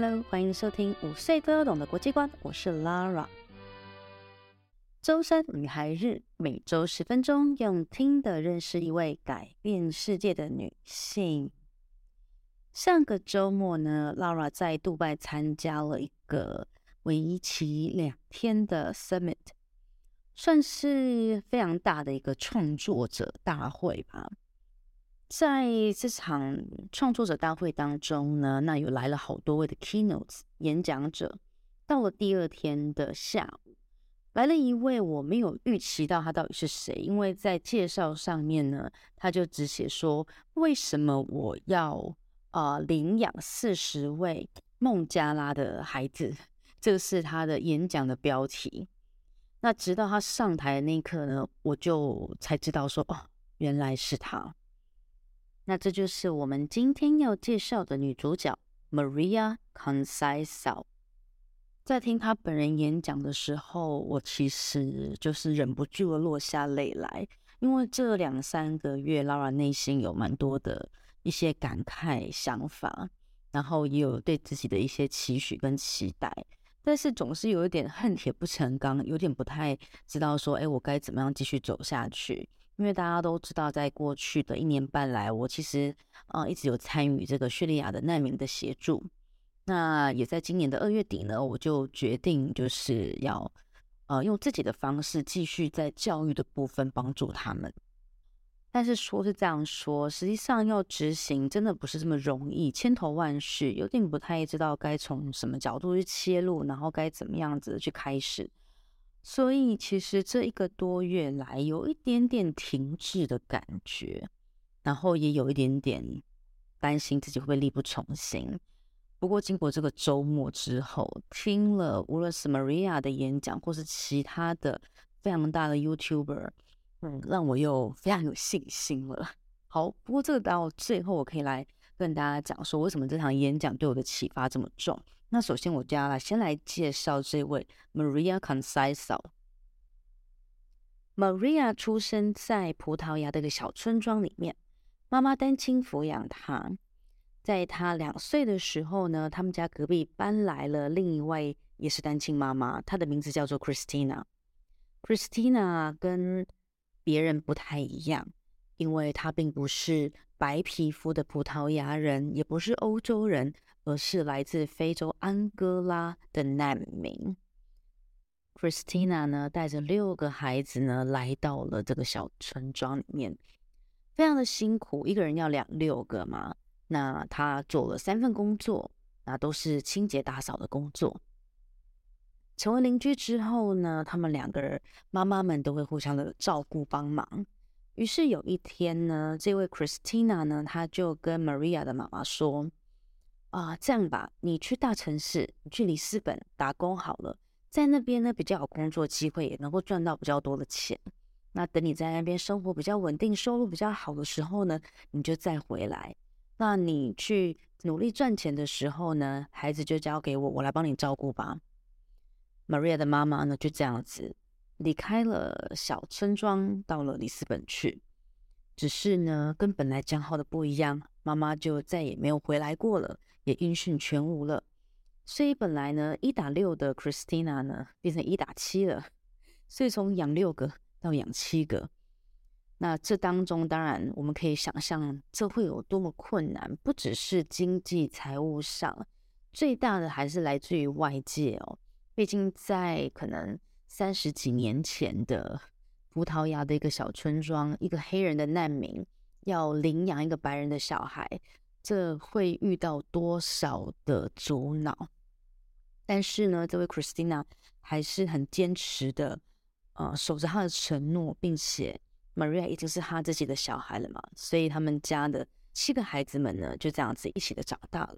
Hello，歡迎收聽《五歲都要懂的國際觀》，我是 Lara。週三女孩日，每週十分鐘，用聽的認識一位改變世界的女性。上個週末呢，Lara 在杜拜參加了一個為期兩天的 Summit，算是非常大的一個創作者大會吧。在這場創作者大會當中呢，那有來了好多位的 keynotes 演講者。到了第二天的下午，來了一位我沒有預期到他到底是誰，因為在介紹上面呢，他就只寫說：“為什麼我要啊、呃、領養四十位孟加拉的孩子？”這個是他的演講的標題。那直到他上台的那一刻呢，我就才知道說：“哦，原來是他。”那這就是我們今天要介紹的女主角 Maria Conceicao。在聽她本人演講的時候，我其實就是忍不住地落下淚來，因為這兩三個月 Lara 內心有蠻多的一些感慨想法，然後也有對自己的一些期許跟期待，但是總是有一點恨鐵不成鋼，有點不太知道說，哎，我該怎麼樣繼續走下去。因為大家都知道，在過去的一年半來，我其實呃一直有參與這個敘利亞的難民的協助。那也在今年的二月底呢，我就決定就是要呃用自己的方式繼續在教育的部分幫助他們。但是說是這樣說，實際上要執行真的不是這麼容易，千頭萬緒，有點不太知道該從什麼角度去切入，然後該怎麼樣子去開始。所以其實這一個多月來，有一點點停滯的感覺，然後也有一點點擔心自己會不會力不從心。不過經過這個周末之後，聽了無論是 Maria 的演講，或是其他的非常大的 YouTuber，嗯，讓我又非常有信心了。好，不過這個到最後我可以來跟大家講說，為什麼這場演講對我的啟發這麼重。那首先我，我就要先來介紹這位 Maria Conceicao。Maria 出生在葡萄牙的一個小村莊裡面，媽媽單親撫養她。在她兩歲的時候呢，他們家隔壁搬來了另一位也是單親媽媽，她的名字叫做 Christina。Christina 跟別人不太一樣，因為她並不是。白皮膚的葡萄牙人也不是歐洲人，而是來自非洲安哥拉的難民。Christina 呢，帶着六個孩子呢，來到了這個小村莊裡面，非常的辛苦，一個人要兩六個嘛。那她做了三份工作，那都是清潔打掃的工作。成為鄰居之後呢，他們兩個人媽媽們都會互相的照顧幫忙。於是有一天呢，這位 Christina 呢，她就跟 Maria 的媽媽說：“啊，這樣吧，你去大城市，你去里斯本打工好了，在那邊呢，比較有工作機會，也能夠賺到比較多的錢。那等你在那邊生活比較穩定，收入比較好的時候呢，你就再回來。那你去努力賺錢的時候呢，孩子就交給我，我來幫你照顧吧。” Maria 的媽媽呢，就這樣子。離開了小村莊，到了里斯本去。只是呢，跟本來講好的不一樣，媽媽就再也沒有回來過了，也音訊全無了。所以本來呢，一打六的 Christina 呢，變成一打七了。所以從養六個到養七個，那這當中當然我們可以想象，這會有多麼困難。不只是經濟財務上，最大的還是來自於外界哦。畢竟在可能。三十幾年前的葡萄牙的一個小村莊，一個黑人的難民要領養一個白人的小孩，這會遇到多少的阻撓？但是呢，這位 Christina 還是很堅持的，呃，守着她的承諾，並且 Maria 已經是她自己的小孩了嘛，所以他們家的七個孩子們呢，就這樣子一起的長大了。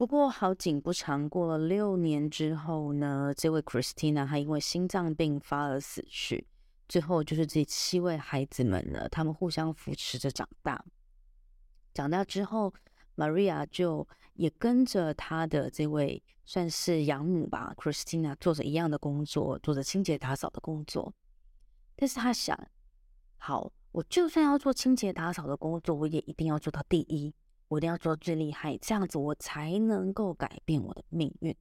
不過好景不長，過了六年之後呢，這位 Christina 她因為心臟病發而死去。最後就是這七位孩子們呢，他們互相扶持着長大。長大之後，Maria 就也跟着她的這位算是養母吧，Christina 做着一樣的工作，做着清潔打掃的工作。但是她想，好，我就算要做清潔打掃的工作，我也一定要做到第一。我一定要做到最厲害，這樣子我才能夠改變我的命運。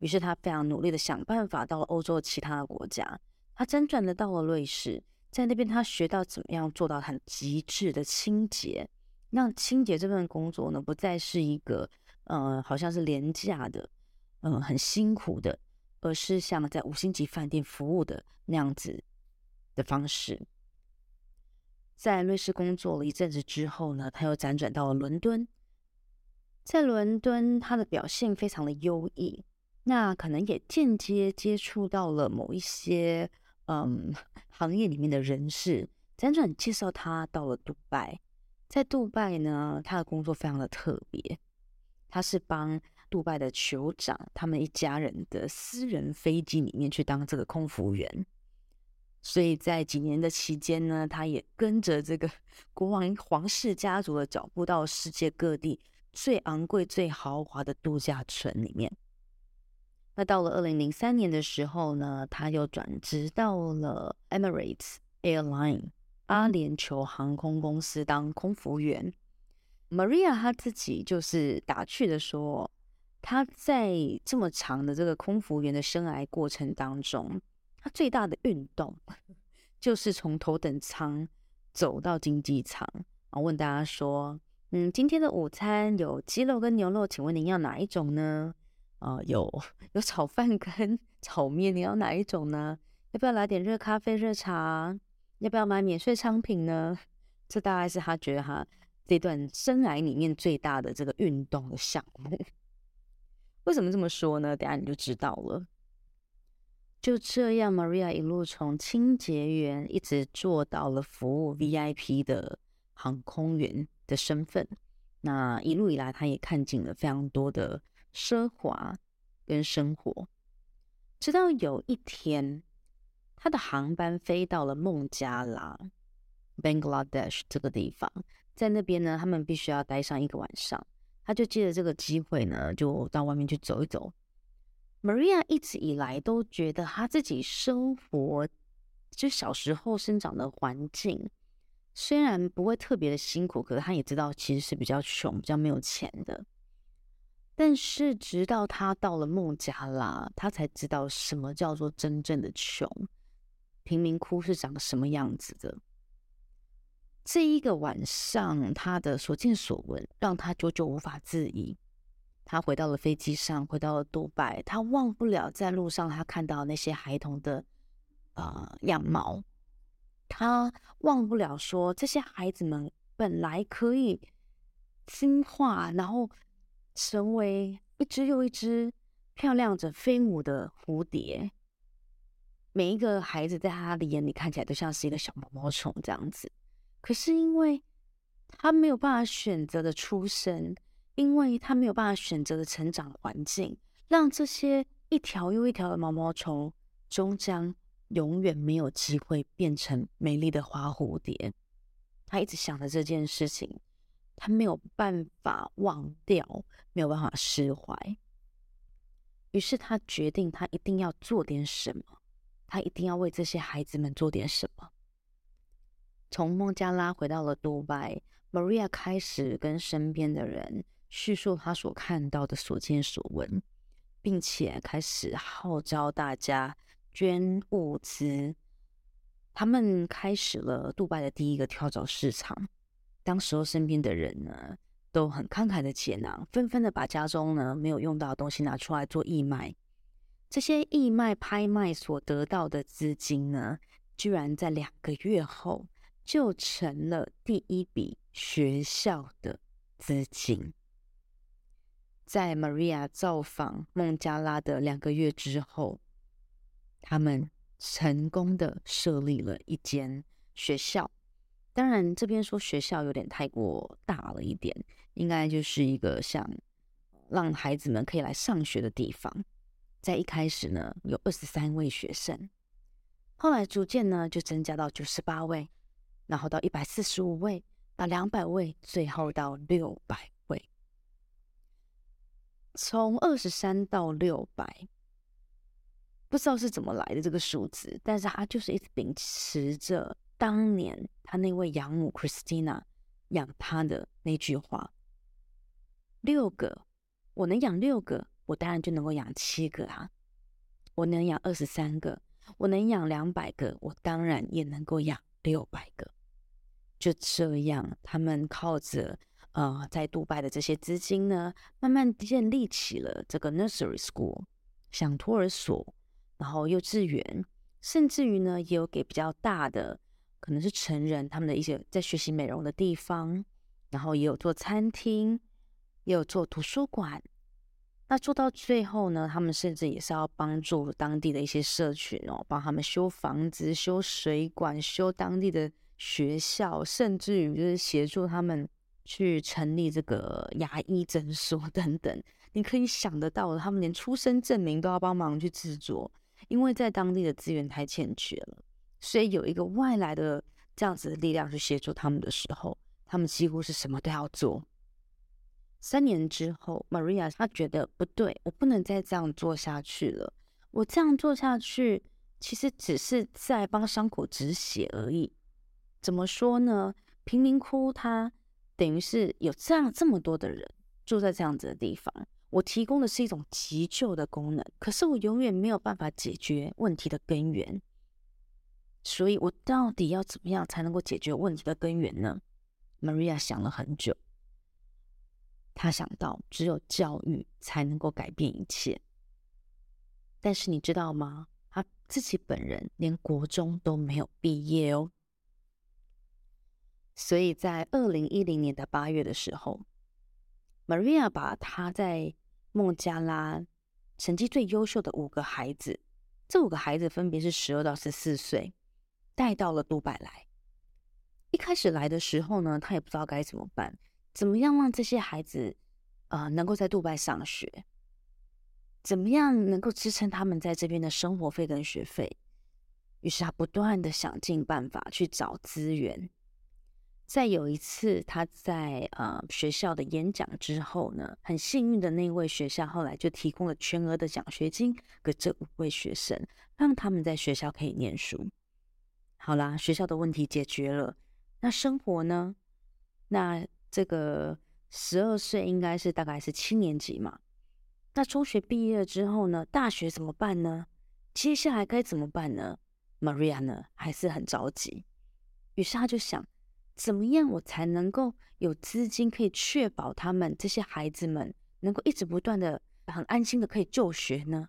於是他非常努力的想辦法，到了歐洲其他的國家，他輾轉的到了瑞士，在那邊他學到怎麼樣做到很極致的清潔，讓清潔這份工作呢，不再是一個，呃，好像是廉價的，嗯、呃，很辛苦的，而是像在五星級飯店服務的那樣子的方式。在瑞士工作了一陣子之後呢，他又輾轉到了倫敦。在倫敦，他的表現非常的優異，那可能也間接接觸到了某一些嗯行業裡面的人士，輾轉介紹他到了杜拜。在杜拜呢，他的工作非常的特別，他是幫杜拜的酋長，他們一家人的私人飛機裡面去當這個空服員。所以在幾年的期間呢，他也跟着這個國王皇室家族的腳步，到世界各地最昂貴、最豪華的度假村裡面。那到了二零零三年的時候呢，他又轉職到了 Emirates Airline 阿聯酋航空公司當空服員。Maria 她自己就是打趣的說，她在這麼長的這個空服員的生涯過程當中，他最大的運動就是從頭等艙走到經濟艙啊！然後問大家說，嗯，今天的午餐有雞肉跟牛肉，請問您要哪一種呢？啊、呃，有有炒飯跟炒麵，你要哪一種呢？要不要來點熱咖啡、熱茶？要不要買免稅商品呢？這大概是他覺得哈這段生涯裡面最大的這個運動的項目。為什麼這麼說呢？等下你就知道了。就這樣，Maria 一路從清潔員一直做到了服務 VIP 的航空員的身份。那一路以來，她也看盡了非常多的奢華跟生活。直到有一天，她的航班飛到了孟加拉，Bangladesh 這個地方，在那邊呢，他們必須要待上一個晚上。她就借着這個機會呢，就到外面去走一走。Maria 一直以來都覺得他自己生活，就小時候生長的環境，雖然不會特別的辛苦，可是他也知道其實是比較窮、比較沒有錢的。但是直到他到了孟加拉，他才知道什麼叫做真正的窮，貧民窟是長什麼樣子的。這一個晚上，他的所見所聞讓他久久無法自已。他回到了飛機上，回到了杜拜。他忘不了在路上他看到那些孩童的啊樣貌，他忘不了說，這些孩子們本來可以進化，然後成為一隻又一隻漂亮着飛舞的蝴蝶。每一個孩子在他的眼裡看起來都像是一個小毛毛蟲這樣子，可是因為他沒有辦法選擇的出生。因為他沒有辦法選擇的成長環境，讓這些一條又一條的毛毛蟲終將永遠沒有機會變成美麗的花蝴蝶。他一直想着這件事情，他沒有辦法忘掉，沒有辦法釋懷。於是他決定，他一定要做點什麼，他一定要為這些孩子們做點什麼。從孟加拉回到了杜拜，Maria 開始跟身邊的人敘述他所看到的所見所聞，並且開始號召大家捐物資。他們開始了杜拜的第一個跳蚤市場。當時候身邊的人呢都很慷慨的解囊，紛紛的把家中呢沒有用到的東西拿出來做義賣。這些義賣拍賣所得到的資金呢，居然在兩個月後就成了第一筆學校的資金。在 Maria 造訪孟加拉的兩個月之後，他們成功的設立了一間學校。當然，這邊說學校有點太過大了一點，應該就是一個像讓孩子們可以來上學的地方。在一開始呢，有二十三位學生，後來逐漸呢就增加到九十八位，然後到一百四十五位，到兩百位，最後到六百。從二十三到六百，不知道是怎麼來的這個數字，但是他就是一直秉持着當年他那位養母 Christina 養他的那句話：“六個我能養六個，我當然就能夠養七個啊；我能養二十三個，我能養兩百個，我當然也能夠養六百個。”就這樣，他們靠着。呃，在杜拜的這些資金呢，慢慢建立起了這個 nursery school，像托兒所，然後幼稚園，甚至於呢，也有給比較大的，可能是成人他們的一些在學習美容的地方，然後也有做餐廳，也有做圖書館。那做到最後呢，他們甚至也是要幫助當地的一些社群哦，幫他們修房子、修水管、修當地的學校，甚至於就是協助他們。去成立這個牙醫診所等等，你可以想得到的，他們連出生證明都要幫忙去製作，因為在當地的資源太欠缺了，所以有一個外來的這樣子的力量去協助他們的時候，他們幾乎是什麼都要做。三年之後，Maria 她覺得不對，我不能再這樣做下去了，我這樣做下去其實只是在幫傷口止血而已。怎麼說呢？貧民窟它。等於是有這樣這麼多的人住在這樣子的地方，我提供的是一種急救的功能，可是我永遠沒有辦法解決問題的根源。所以，我到底要怎麼樣才能夠解決問題的根源呢？Maria 想了很久，她想到只有教育才能夠改變一切。但是你知道嗎？她自己本人連國中都沒有畢業哦。所以在二零一零年的八月的時候，Maria 把她在孟加拉成績最優秀的五個孩子，這五個孩子分別是十二到十四歲，帶到了杜拜來。一開始來的時候呢，她也不知道該怎麼辦，怎麼樣讓這些孩子，啊、呃、能夠在杜拜上學，怎麼樣能夠支撐他們在這邊的生活費跟學費？於是她不斷的想盡辦法去找資源。在有一次，他在呃、學校的演講之後呢，很幸運的那位學校後來就提供了全額的獎學金給這五位學生，讓他們在學校可以念書。好啦，學校的問題解決了，那生活呢？那這個十二歲應該是大概是七年級嘛？那中學畢業之後呢？大學怎麼辦呢？接下來該怎麼辦呢？Maria 呢還是很着急，於是他就想。怎麼樣，我才能夠有資金可以確保他們這些孩子們能夠一直不斷的很安心的可以就學呢？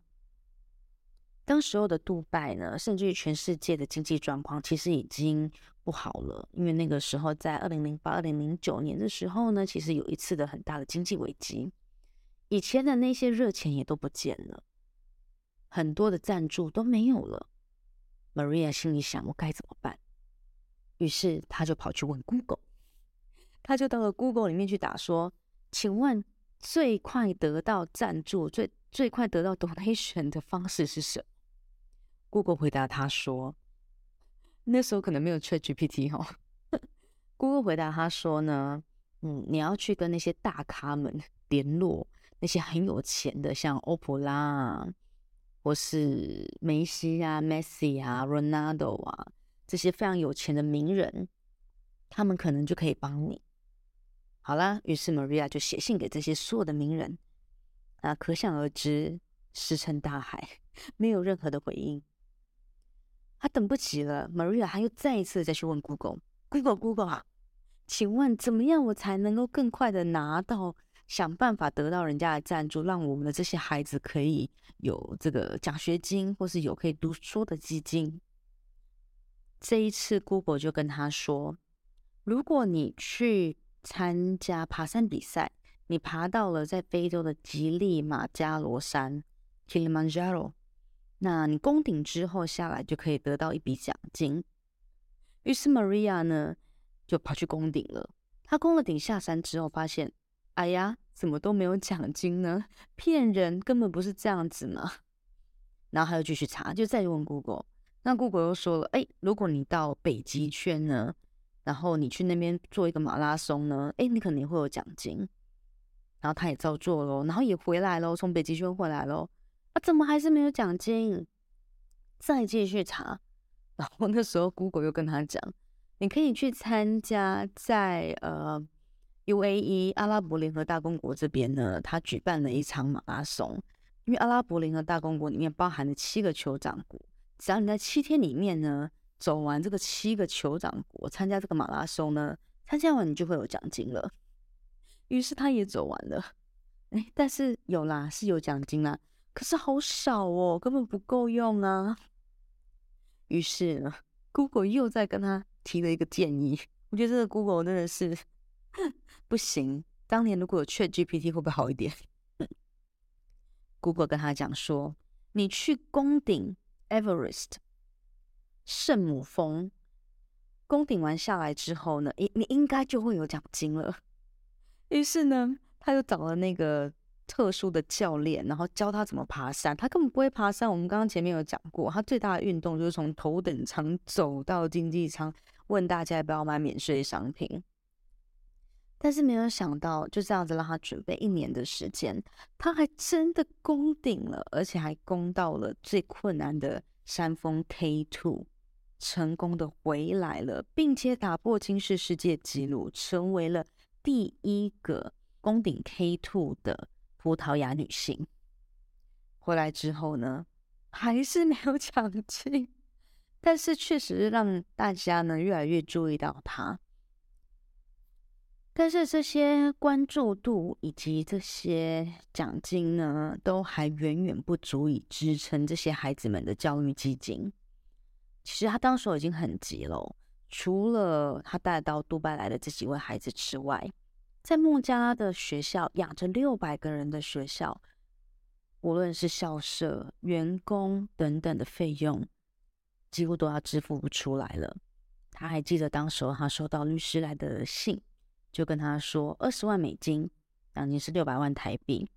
當時候的杜拜呢，甚至於全世界的經濟狀況其實已經不好了，因為那個時候在二零零八、二零零九年的時候呢，其實有一次的很大的經濟危機，以前的那些熱錢也都不見了，很多的贊助都沒有了。Maria 心裡想：我該怎麼辦？於是他就跑去問 Google，他就到了 Google 裡面去打，說：“請問最快得到贊助、最最快得到 donation 的方式是什麼？”Google 回答他說：“那時候可能沒有 ChatGPT 哦。 ”Google 回答他說：“呢，嗯，你要去跟那些大咖們聯絡，那些很有錢的，像歐普拉啊，或是梅西啊、Messi 啊、Ronaldo 啊。”這些非常有錢的名人，他們可能就可以幫你。好了，於是 Maria 就寫信給這些所有的名人，那、啊、可想而知，石沉大海，沒有任何的回應。他、啊、等不及了，Maria 他又再一次再去問 Google，Google，Google，Google, Google、啊、請問怎麼樣我才能夠更快地拿到，想辦法得到人家的贊助，讓我們的這些孩子可以有這個獎學金，或是有可以讀書的基金。這一次，Google 就跟他說：“如果你去參加爬山比賽，你爬到了在非洲的吉力馬加羅山 （Kilimanjaro），那你攻頂之後下來就可以得到一筆獎金。”於是 Maria 呢，就跑去攻頂了。她攻了頂，下山之後發現：“哎呀，怎麼都沒有獎金呢？騙人，根本不是這樣子嘛！”然後她又繼續查，就再問 Google。那 Google 又說了：“哎、欸，如果你到北極圈呢，然後你去那邊做一個馬拉松呢，哎、欸，你肯定會有獎金。”然後他也照做咯，然後也回來咯，從北極圈回來咯。啊，怎麼還是沒有獎金？再繼續查。然後那時候 Google 又跟他講：“你可以去參加在呃 UAE 阿拉伯聯合大公國這邊呢，他舉辦了一場馬拉松，因為阿拉伯聯合大公國裡面包含了七個酋長國。”只要你在七天裡面呢，走完這個七個酋長國，我參加這個馬拉松呢，參加完你就會有獎金了。於是他也走完了，哎，但是有啦，是有獎金啦，可是好少哦，根本不夠用啊。於是呢 Google 又在跟他提了一個建議，我覺得這個 Google 真的是哼，不行。當年如果有 ChatGPT 會不會好一點？Google 跟他講說，你去攻頂。Everest，聖母峰，攻頂完下來之後呢，你你應該就會有獎金了。於是呢，他就找了那個特殊的教練，然後教他怎麼爬山。他根本不會爬山。我們剛剛前面有講過，他最大的運動就是從頭等艙走到經濟艙，問大家要不要買免稅商品。但是沒有想到，就這樣子讓他準備一年的時間，他還真的攻頂了，而且還攻到了最困難的山峰 K Two，成功的回來了，並且打破金氏世界紀錄，成為了第一個攻頂 K Two 的葡萄牙女性。回來之後呢，還是沒有獎金，但是確實是讓大家呢越來越注意到他。但是這些關注度以及這些獎金呢，都還遠遠不足以支撐這些孩子們的教育基金。其實他當時已經很急了。除了他帶到杜拜來的這幾位孩子之外，在孟加拉的學校養着六百個人的學校，無論是校舍、員工等等的費用，幾乎都要支付不出來了。他還記得當時他收到律師來的信。就跟他說二十萬美金，當年是六百萬台幣。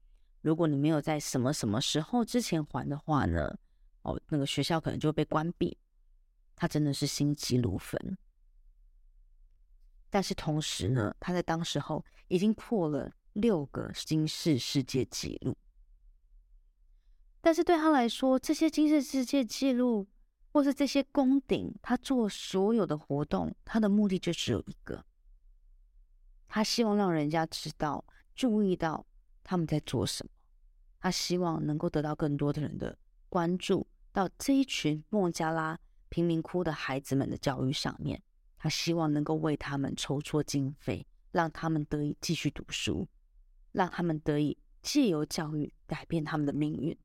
如果你沒有在什麼什麼時候之前還的話呢，哦，那個學校可能就會被關閉。他真的是心急如焚。但是同時呢，他在當時候已經破了六個金氏世界紀錄。但是對他來說，這些金氏世界紀錄或是這些攻頂，他做所有的活動，他的目的就只有一個。他希望讓人家知道、注意到他們在做什麼。他希望能夠得到更多的人的關注到這一群孟加拉貧民窟的孩子們的教育上面。他希望能夠為他們籌措經費，讓他們得以繼續讀書，讓他們得以借由教育改變他們的命運。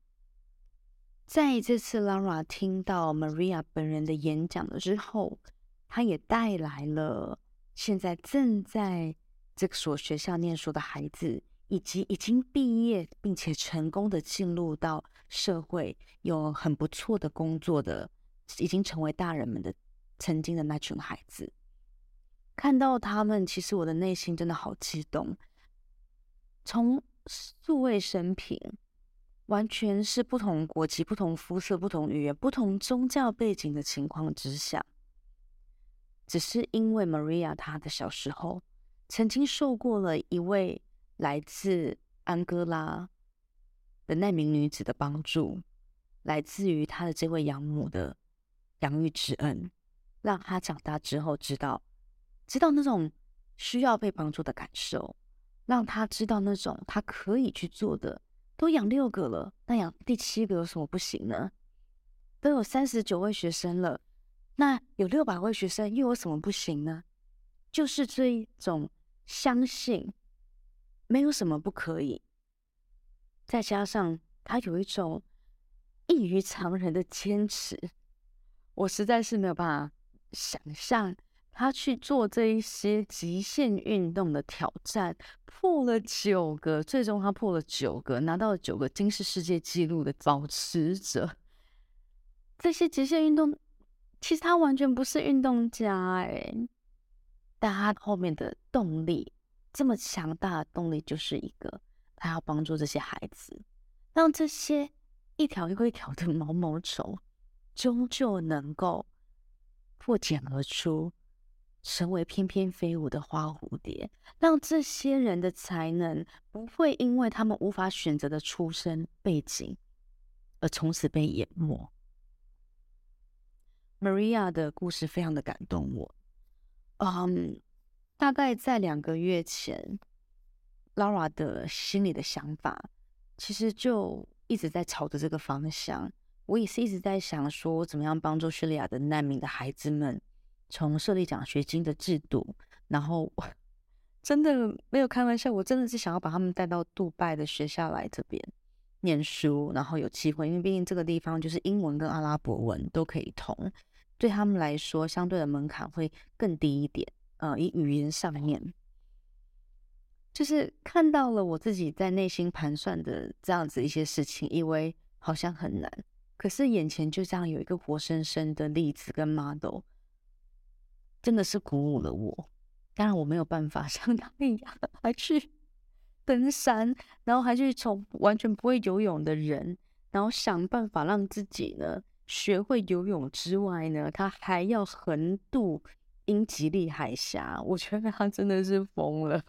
在這次拉拉聽到 Maria 本人的演講了之後，他也帶來了現在正在。這所學校念書的孩子，以及已經畢業並且成功的進入到社會、有很不錯的工作的，已經成為大人們的曾經的那群孩子，看到他們，其實我的內心真的好激動。從素昧平生，完全是不同國籍、不同膚色、不同語言、不同宗教背景的情況之下，只是因為 Maria 她的小時候。曾經受過了一位來自安哥拉的那名女子的幫助，來自於她的這位養母的養育之恩，讓她長大之後知道，知道那種需要被幫助的感受，讓她知道那種她可以去做的。都養六個了，那養第七個有什麼不行呢？都有三十九位學生了，那有六百位學生又有什麼不行呢？就是這一種。相信沒有什麼不可以，再加上他有一種異於常人的堅持，我實在是沒有辦法想象他去做這一些極限運動的挑戰，破了九個，最終他破了九個，拿到了九個金氏世界紀錄的保持者。這些極限運動，其實他完全不是運動家哎、欸。但他後面的動力，這麼強大的動力，就是一個他要幫助這些孩子，讓這些一條又一條的毛毛蟲，終究能夠破繭而出，成為翩翩飛舞的花蝴蝶，讓這些人的才能不會因為他們無法選擇的出身背景，而從此被淹沒。Maria 的故事非常的感動我。嗯，um，大概在兩個月前，Laura 的心裡的想法其實就一直在朝着這個方向。我也是一直在想說，我怎麼樣幫助敘利亞的難民的孩子們，從設立獎學金的制度，然後真的沒有開玩笑，我真的是想要把他們帶到杜拜的學校來這邊唸書，然後有機會，因為畢竟這個地方就是英文跟阿拉伯文都可以通。對他們來說，相對的門檻會更低一點。呃，以語言上面，就是看到了我自己在內心盤算的這樣子一些事情，以為好像很難，可是眼前就這樣有一個活生生的例子跟 model，真的是鼓舞了我。當然，我沒有辦法像他們一樣，還去登山，然後還去從完全不會游泳的人，然後想辦法讓自己呢。學會游泳之外呢，他還要橫渡英吉利海峽。我覺得他真的是瘋了。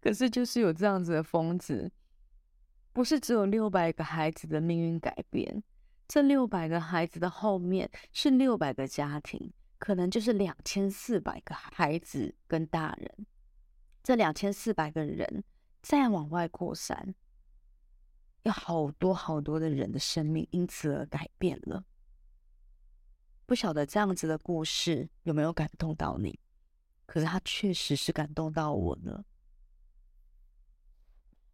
可是就是有這樣子的瘋子，不是只有六百個孩子的命運改變。這六百個孩子的後面是六百個家庭，可能就是兩千四百個孩子跟大人。這兩千四百個人再往外擴散。有好多好多的人的生命因此而改變了，不曉得這樣子的故事有沒有感動到你？可是它確實是感動到我了。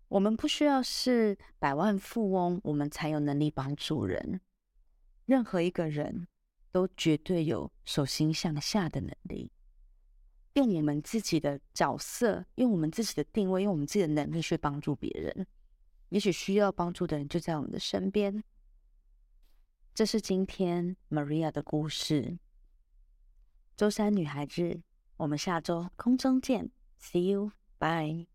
我們不需要是百萬富翁，我們才有能力幫助人。任何一個人都絕對有手心向下的能力，用我們自己的角色，用我們自己的定位，用我們自己的能力去幫助別人。也許需要幫助的人就在我們的身邊。這是今天 Maria 的故事。週三女孩日，我們下週空中見，See you，bye。